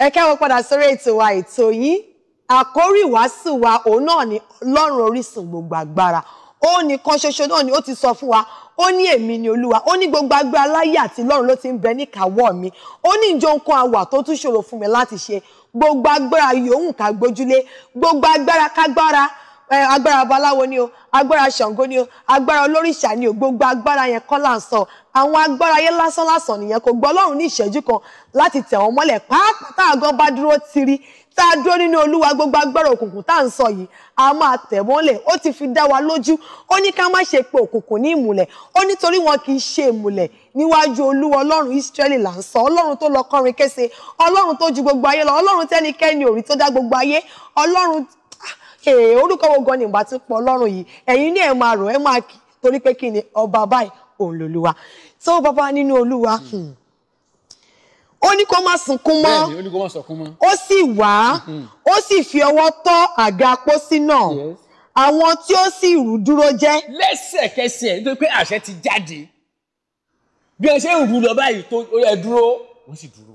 ẹ kẹ́wọ́ padà sórí ètò wa ètò yín àkórí ìwàásù wa òun náà ni ọlọ́run orísun gbogbo agbára ó nìkan ṣoṣo náà ni ó ti sọ fún wa ó ní èmi ni olúwa ó ní gbogbo agbára láyé àti lọ́run ló ti ń bẹ níkàáwọ́ mi ó ní ìjọ nǹkan àwà tó tún ṣòro fún mi láti ṣe gbogbo agbára yòówù ká gbójúlé gbogbo agbára kágbára agbára babaláwo ni o agbára ṣàngó ni o agbára olóríṣà ni o gbogbo agbára yẹn kọ́ là ń sọ àwọn agbára ayé lásán lásán nìyẹn kò gbọ́ ọlọ́run ní ìṣẹ́jú kan láti tẹ̀ wọ́n mọ́lẹ̀ pàápàá tá àgọ́ bá dúró tiri tá a dúró nínú olúwa gbogbo agbára òkùnkùn tá à ń sọ yìí a máa tẹ̀ mọ́lẹ̀ ó ti fi dá wa lójú ó ní ká má ṣe pe òkùnkùn ní ìmùlẹ̀ ó nítorí wọn kì í ṣe ìmùlẹ̀ níwájú olúwa ọlọ́run Ísírẹ́lì là ń sọ ọlọ́run tó lọ kọrin kése ọlọ́run tó ju gbogbo ayé lọ ọlọ́run tẹ́nikẹ́ni òrí tó dá gbogbo ayé ọlọ́run orúkọ wo gan ni ìgbà tí pọ̀ lọ́rùn yìí ẹ̀yin ní ẹ̀ máa rò ẹ̀ máa torí pé kí ni ọba báyìí òun lòlúwa tó bàbá nínú olúwa hmm. Hmm. ó ní kó má sunkún mọ́ ó sì wá hmm. ó sì fi ọwọ́ tọ́ àga pósí náà àwọn tí ó sì rù dúró jẹ́. lẹ́sẹ̀kẹsẹ̀ nítorí pé àṣẹ ti jáde bí ẹ ṣe ń rù lọ báyìí tó ẹ dúró wọ́n sì dúró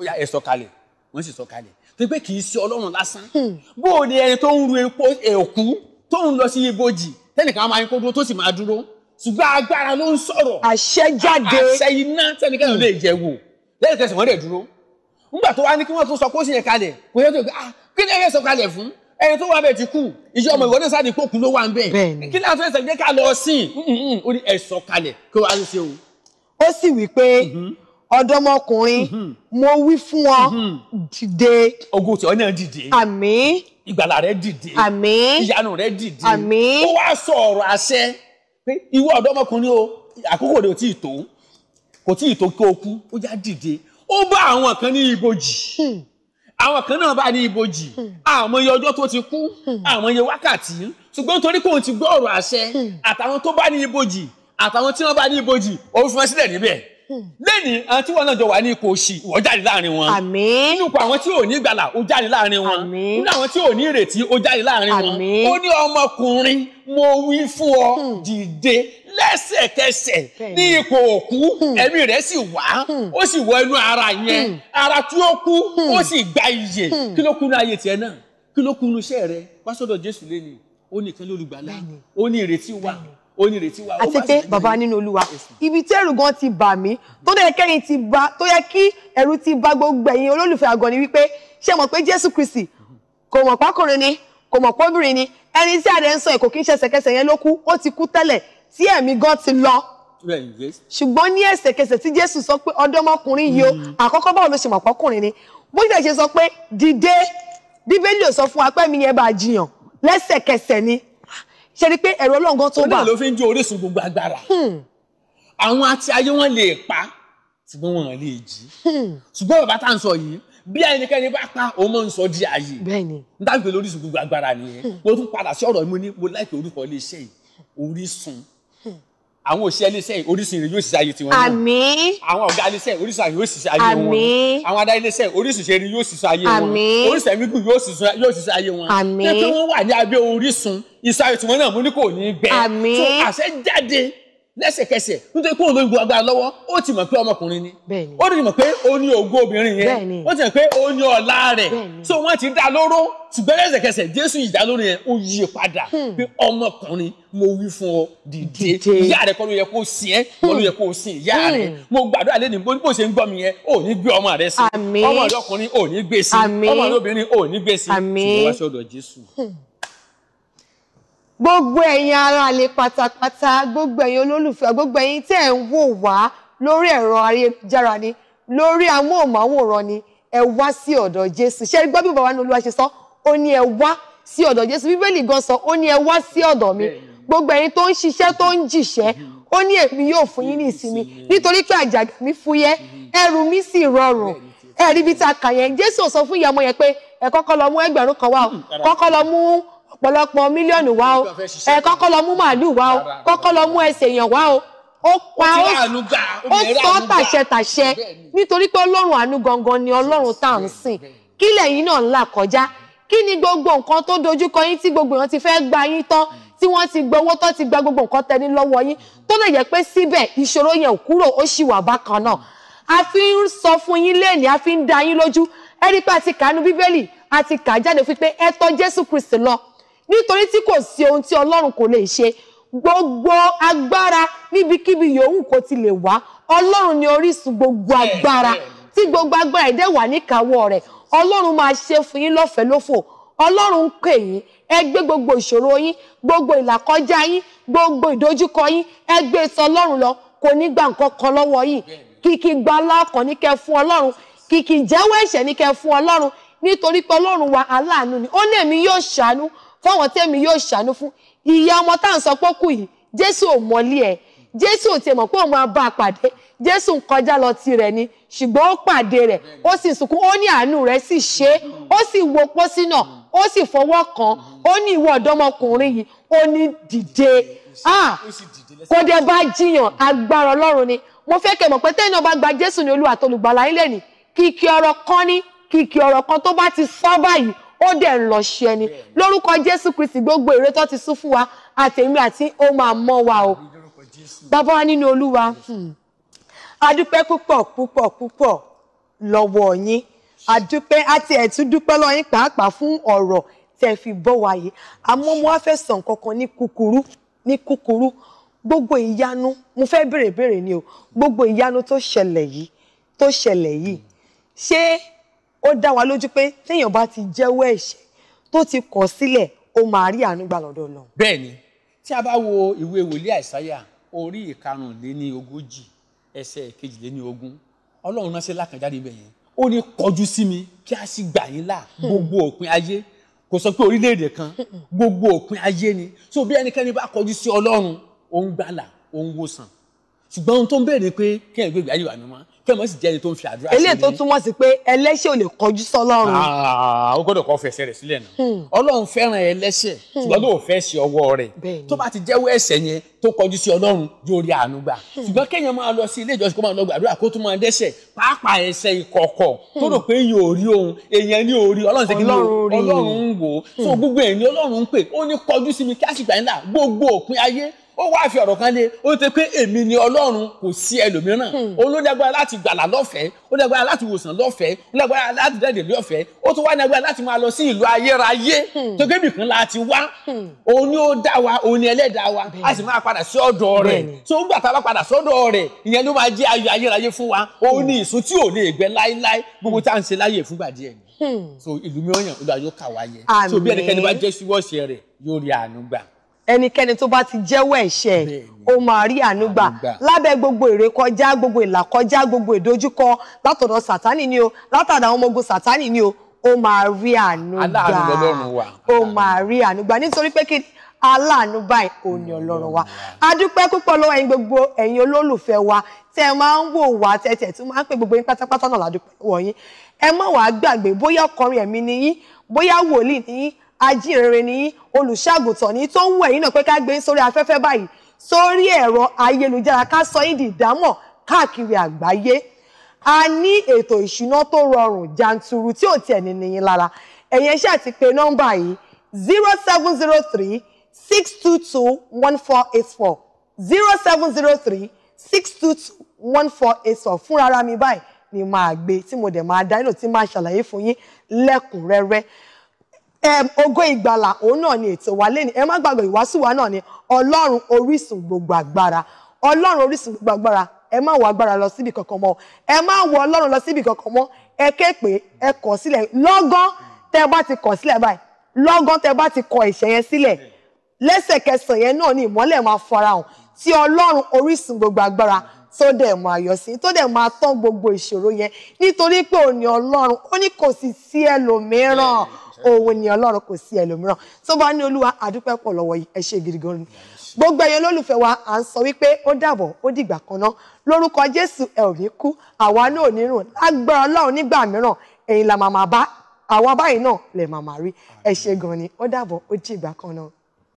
ó yá ẹ sọ̀kalẹ̀ wọ́n sì sọ kalẹ̀ tó pé kì í ṣe ọlọ́run lásán hmm. bó o ní ẹni tó ń ru epo ẹ̀kú tó ń lọ sí ibojì tẹnìkan máa ń kó dúró tó sì máa dúró ṣùgbọ́n agbára ló ń sọ̀rọ̀ àṣẹ jáde àṣẹ iná tẹnìkan ló lè jẹ wò lẹ́yìn kẹsàn-án wọ́n dẹ̀ dúró nígbà tó wá ní kí wọ́n tó sọ kó sì yẹn kalẹ̀ kò yẹ tó gbé ah kí ni ẹ sọ kalẹ̀ fún ẹni tó wà bẹ́ẹ̀ ti kú ìjọ ọmọ ìwọ́dún sáà ní kókun ló wà ń bẹ̀ kí ni àtúnṣe jẹ́ ká lọ sí i hmm, hmm, ó ní ẹ sọ kalẹ̀ kí wọ́n á lè ṣe o. ó sì wí pé ọ̀dọ́mọkùnrin mhm. mo wí fún ọ mhm. dìde. ogun tí ọ náà dìde. àmín. ìgbàlà rẹ dìde. àmín. ìyanu rẹ dìde. àmín. ó wá sọ ọ̀rọ̀ àṣẹ pé ìwọ ọ̀dọ́mọkùnrin o àkókò rẹ ò tí ì tó kò tí ì tó kó o kú ó yá dìde ó bá àwọn kan ní ibojì. Hmm àwọn kan náà bá ní ibojì hmm. àmọye ọjọ́ tó ti kú hmm. àmọye wákàtí ṣùgbọ́n torí kóun ti gbọ́ ọ̀rọ̀ àṣẹ hmm. àtàwọn tó bá ní ibojì àtàwọn tí wọ́n bá ní ibojì òun fi wọn sílẹ̀ níbẹ̀. Mm. lẹ́nìí àwọn tí wọ́n náà jọ wà ní ipò òṣì ìwọ jáde láàrin wọn. àmín. nínú ipò àwọn tí ò ní gbàlà ó jáde láàrin wọn. àmín. nínú àwọn tí ò ní ìrètí ó jáde láàrin wọn. àmín. ó ní ọmọkùnrin mo wí fún ọ mm. dìde lẹ́sẹ̀kẹsẹ̀ ní ipò òkú mm. ẹ̀mí rẹ̀ sì wá ó sì wọ inú ara yẹn ara tí ó kú ó sì gba iyè kí ló kú ní ayé tiẹ̀ náà kí ló kú ní iṣẹ́ rẹ̀ wá sọ́dọ̀ Jésù lẹ́nìí ó nìkan lólùgbàlà ó ní ìrètí wa onírètí wa. àti pé bàbá nínú olúwa ibi tí ẹ̀rù gan ti bà mí tó dẹ̀ kẹ́yìn ti bà tó yẹ kí ẹ̀rù ti bà gbogbo ẹ̀yin olólùfẹ́ àgọ́ ni wípé ṣé mọ̀ pé jésù kristi kò mọ̀ pákùnrin ni kò mọ̀ pọ́bìnrin ni ẹni tí àdé ń sọ èkó kí n ṣẹ̀ṣẹ̀kẹsẹ̀ yẹn ló kú ó ti kú tẹ́lẹ̀ tí ẹ̀mí gan ti lọ. ṣùgbọ́n ní ẹsẹ̀kẹsẹ̀ tí jésù sọ pé ọ̀dọ́mọkùnrin yìí o hmm. àkọ́kọ́ báwo ló ṣe mọ̀ pọ́kùnrin ni bó ṣe ṣe sọ pé dìde bíbélì ò sọ fún wa pé yẹn bá jiyàn lẹ́sẹ̀kẹsẹ̀ ni ṣe rí pé ẹ̀rọ ọlọ́run gan tó bá. ó dà ló fi ń jó orísun gbogbo agbára hmm. àwọn àti ayé wọn lè pa ṣùgbọ́n wọn lè jí hmm. ṣùgbọ́n bàbá tá à ń sọ yìí bí ẹnikẹ́ni bá pa òun máa ń sọ di ààyè n dábìí lórísun gbogbo agbára nìyẹn hmm. mo tún padà sí ọ̀rọ̀ mi ní mo láìpẹ́ orúkọ iléeṣẹ́ yìí orísun àwọn òṣìṣẹ́ iléeṣẹ́ orísun rẹ̀ yóò ṣiṣẹ́ ayé tiwọn náà àmín àwọn ọ̀gá iléeṣẹ́ orísun ayé yóò ṣiṣẹ́ ayé wọn àmín àwọn adarí iléeṣẹ́ orísun ṣe ni yóò ṣiṣẹ́ ayé wọn àmín orísun ẹ̀mí gùn yóò ṣiṣẹ́ ayé wọn àmín pé kí wọ́n wà ní abẹ́ orísun iṣẹ́ ayé tiwọn náà mú ní kò ní gbẹ àmín tó àṣẹ jáde lẹ́sẹ̀kẹsẹ̀ nítorí pé olóyún agbára lọ́wọ́ ó ti mọ̀ pé ọmọkùnrin ni ó ti mọ̀ pé ó ní ògo obìnrin yẹn ó ti mọ̀ pé ó ní ọlá rẹ̀ so wọ́n ti dá lóró ṣùgbọ́n lẹ́sẹ̀kẹsẹ̀ jésù ìdá lórí yẹn ó yí padà hmm. pé ọmọkùnrin mo wí fún ọ dìde ìyá rẹ kọ́ ló yẹ kó sin ẹ́ kọ́ ló hmm. yẹ kó sin ìyá rẹ hmm. mo gbàdúrà lẹ́nu bó bó ṣe ń gbọ́ mi yẹn ò ní gbé ọmọ rẹ sí ọmọ rẹ ọkùnrin ò ní gbé sí ọmọ rẹ obìnrin ò ní gbé sí ṣùgbọ́n wá sí ọ̀dọ̀ jésù gbogbo ẹ̀yin ara lè pátápátá gbogbo ẹ̀yin olólùfẹ́ gbogbo ẹ̀yin tẹ́ ẹ̀ ń wò wá lórí ẹ̀rọ ayélujára ni lórí amóhùnmáwòrán ni ẹ wá sí ọ̀dọ̀ Jésù ṣé gbọ́ bí bàbá ní Olúwa ṣe sọ ó ní ẹ wá sí ọ̀dọ̀ Jésù Bíbélì gan sọ ó ní ẹ wá sí ọ̀dọ̀ mi gbogbo ẹ̀yin tó ń ṣiṣẹ́ tó ń jìṣẹ́ ó ní èmi yóò fún yín ní ìsinmi nítorí pé àjàgà mi fúyẹ́ mm-hmm. ẹrù mi sì rọrùn ẹ̀rí bí ta kà yẹn Jésù sọ fún ìyá ọmọ yẹn pé ẹ kọ́kọ́ lọ mú ẹgbẹ̀rún kan wá mm, kọ́kọ́ lọ mú ọ̀pọ̀lọpọ̀ mílíọ̀nù wá o ẹ kọ́kọ́ lọ mú màálù wá o kọ́kọ́ lọ mú ẹsẹ̀ èèyàn wá o ó pa ó sọ tàṣẹ tàṣẹ nítorí pé ọlọ́run àánú gangan ni ọlọ́run tá à ń sìn kí lẹ́yìn náà ń là kọjá kí ni gbogbo nǹkan tó dojúkọ yín tí gbogbo èèyàn ti fẹ́ gba yín tán tí wọ́n ti gbowó tán ti gba gbogbo nǹkan tẹni lọ́wọ́ yín tó lè jẹ́ pé síbẹ̀ ìṣòro yẹn ò kúrò ó ṣì wà bákan náà a fi ń sọ fún yín lẹ́ẹ̀ni a fi ń da yín lójú ẹ̀rí pé àti kàánú bíbélì àti kà jáde fi pé ẹ tọ̀ Jésù Kristi lọ nítorí tí kò sí ohun tí ọlọ́run kò lè ṣe gbogbo agbára níbikíbi yòówù kó ti lè wá ọlọ́run ni orísun gbogbo agbára tí gbogbo agbára ìdẹ́ wà níkàáwọ́ rẹ̀ ọlọ́run máa ṣe fún yín lọ́fẹ̀ẹ́ lófò ọlọ́run ń pè yín ẹ gbé gbogbo ìṣòro yín gbogbo ìlàkọjá yín gbogbo ìdojúkọ yín ẹ gbé sọ ọlọ́run lọ kò ní gbà nǹkan kan lọ́wọ́ yín kìkì gba aláàkàn ní kẹ fún ọlọ́run kìkì jẹ́wọ́ ẹ̀ṣẹ̀ ní kẹ fún ọlọ́run nítorí pé ọlọ́run wa aláàánú ni ó ní èmi yóò ṣàánú fáwọn tẹ́mi yóò ṣàánú fún ìyá ọmọ tá à ń sọ pé kù yìí jésù ò mọ̀lé ẹ̀ jésù ò tiẹ̀ mọ̀ pé òun máa bá a pàdé jésù ń kọjá lọ tirẹ̀ ni ṣùgbọ́n ó pàdé rẹ̀ ó sì sunkún ó ní àánú rẹ̀ sì ṣe é ó sì wo pósí náà ó sì fọwọ́ kàn ó ní ìwọ ọ̀dọ́mọkùnrin yìí ó ní dìde kó dé bá jiyàn agbára ọlọ́run ni mo fẹ́ kẹ́ mọ̀ pé tẹ́yìn náà bá gba jésù ní olúwa tó lùgbàlà ni kìkì ọ̀rọ̀ kan ní kìkì ọ̀rọ̀ kan tó bá ti sọ báyìí ó dẹ̀ ń lọ ṣe ẹni lórúkọ jésù kristi gbogbo èrè tó ti sún fún wa àtẹ̀mí àti ó máa wa o bàbá wa nínú olúwa hmm. adúpẹ́ púpọ̀ púpọ̀ púpọ̀ lọ́wọ́ yín adúpẹ́ àti ẹ̀tún dúpẹ́ lọ́wọ́ yín pàápàá fún ọ̀rọ̀ tẹ̀ fi bọ́ wa yìí àmọ́ mo wá fẹ́ sàn kankan ní kúkúrú ní kúkúrú gbogbo ìyanu mo fẹ́ béèrè béèrè ni o gbogbo ìyanu tó ṣẹlẹ̀ yìí tó ṣẹlẹ̀ yìí ṣé ó dá wa lójú pé téèyàn bá ti jẹ́wọ́ ẹ̀ṣẹ̀ tó ti kọ̀ sílẹ̀ ó máa rí àánú gbà lọ́dọ̀ Ọlọ́run. bẹ́ẹ̀ni tí a bá wo ìwé wòlíì àìsáyà orí ìkarùnléní ogójì ẹsẹ̀ kejìléní ogún Ọlọ́run ránṣẹ́ lákànjáde ibẹ̀ yẹn ó ní kọjú sí mi kí a sì gbà yín là gbogbo òpin ayé kò sọ pé orílẹ̀-èdè kan gbogbo òpin ayé ni so bí ẹnikẹ́ni bá kọjú sí Ọlọ́run òun gbàlà òun wòsàn ṣùgbọ́n ohun tó ń béèrè pé kẹ́hìn gbé ìgbàlejò àmì mọ́ kẹ́hìn mọ́ sì jẹ́ ẹni tó ń fi àdúrà sí i. eléyìí tó túmọ̀ sí pé ẹlẹ́ṣẹ̀ ò lè kọjú sọ́lọ́run. ó ah, gbọ́dọ̀ kọ́ fẹsẹ̀ rẹ̀ sílẹ̀ náà hmm. ọlọ́run fẹ́ràn ẹlẹ́ṣẹ̀ hmm. ṣùgbọ́n tó fẹ́ ṣe ọwọ́ rẹ̀ tó bá ti jẹ́wọ́ ẹ̀ṣẹ̀ yẹn tó kọjú sí ọlọ́run yóò rí àánú gbà hmm. ṣùgbọ́n kéèyàn máa lọ sí ilé ìjọsìn kó máa lọ gbàdúrà kó tún máa dẹ́ṣẹ̀ pàápàá ẹ̀ṣẹ̀ ìkọ̀kọ̀ tó rò pé yóò rí òun èèyàn ní orí ọlọ́run ṣe kí ni ọlọ́run ń wò ó tó gbogbo ẹ̀ ní ọlọ́run ń pè ó ní kọjú sí mi kí àsìgbà yín là gbogbo òpin ayé ó wá fi ọ̀rọ̀ kan lé ó ti pé èmi ni ọlọ́run kò sí ẹlòmíràn hmm. ó ló dágbára láti gbàlà lọ́fẹ̀ẹ́ ó dágbára láti wòsàn lọ́fẹ̀ẹ́ ó dágbára láti dáàdè lọ́fẹ̀ẹ́ ó tún wá dágbára láti máa lọ sí ìlú ayérayé hmm. tó kébì kan láti wá hmm. òun ni ó dá wa òun ni ẹlẹ́dàá wa a sì máa padà sí ọ̀dọ̀ rẹ̀ tó ń gbà tá a bá padà sọ́dọ̀ rẹ̀ ìyẹn ló máa jẹ́ ayọ̀ ayérayé fún wa òun ni ìsún tí ò lè so ìlú mi ọ̀yàn olùwà yóò so bí ẹnikẹ́ni bá jẹ́ síwọ́ọ̀ṣẹ́ rẹ̀ yóò rí àánú gbà ẹnikẹ́ni tó bá ti jẹ́wọ́ ẹ̀ṣẹ̀ ó máa rí ànúgbà lábẹ́ gbogbo ìrékọjá gbogbo ìlàkọjá gbogbo ìdojúkọ látọ̀dọ̀ sátánì ni o látàdà àwọn ọmọ ogun sátánì ni o ó máa rí ànúgbà ó máa rí ànúgbà nítorí pé kí aláàánú báyìí òní ọlọ́run wa adúpẹ́ púpọ̀ lọ́wọ́ ẹ̀yin gbogbo ẹ̀yin olólùfẹ́ wa tẹ́ ẹ máa ń wò wá tẹ́tẹ́ tí máa ń pè gbogbo yín pátápátá náà ládùúgbò wọ̀nyí ẹ má wàá gbàgbé bóyá ọkọrin ẹ̀mí ni yín bóyá wòlíì ni yín ajínrere ní olùṣàgùtàn ní tó ń wù ẹ̀yìn náà pé ká gbé sórí afẹ́fẹ́ báyìí sórí ẹ̀rọ ayélujára ká sọ yín di ìdámọ̀ káàkiri àgbáyé a ní ètò ìṣúná tó rọrùn jàǹtùrù tí ò tiẹ̀ nìyí lára ẹ̀yẹn ṣáà ti pe nọ́mbà yìí zero seven zero three six two two one four eight four zero seven zero three six two two one four eight four fúnra mi báyìí ni màá gbé tí mo dẹ̀ máa dá nínú tí màá ṣàlàyé fún yín lẹ́kùnrẹ́rẹ́ ògo ìgbàlà òun náà ni ètò wa lẹ́nu ẹ má gbàgbé ìwàásù náà ni ọlọ́run orísun gbogbo agbára ọlọ́run orísun gbogbo agbára ẹ má wọ agbára lọ síbi kankan mọ́ ẹ má wọ ọlọ́run lọ síbi kankan mọ́ ẹ ké pé ẹ kọ̀ sílẹ̀ lọ́gán tẹ bá ti kọ̀ sílẹ̀ báyìí lọ́gán tẹ bá ti kọ̀ ẹ̀ṣẹ̀ yẹn sílẹ̀ lẹ́sẹ̀kẹsẹ̀ yẹn náà ni ìmọ́lẹ̀ máa farahàn tí ọlọ́run orísun gbogbo agbára tó dẹ̀ máa yọ sí tó dẹ̀ máa tán gbogbo ìṣòro yẹn nítorí pé òní ọlọ́run ó ní kò sì sí ẹlòmíràn òun ni ọlọ́run kò sí ẹlòmíràn tó bá ní olúwa àdúpẹ́ pọ̀ lọ́wọ́ yìí ẹ ṣé gidi ni gbogbo ẹ̀yin olólùfẹ́ wa à ń sọ wípé ó dàbọ̀ ó dìgbà kan ná lórúkọ jésù ẹ ò ní kú àwa náà ò ní rùn lágbára ọlọ́run nígbà mìíràn ẹ̀yin la màmá bá àwa báyìí náà lè màmá rí ẹ ṣé gan ni ó dàbọ̀ ó dìgbà kan náà.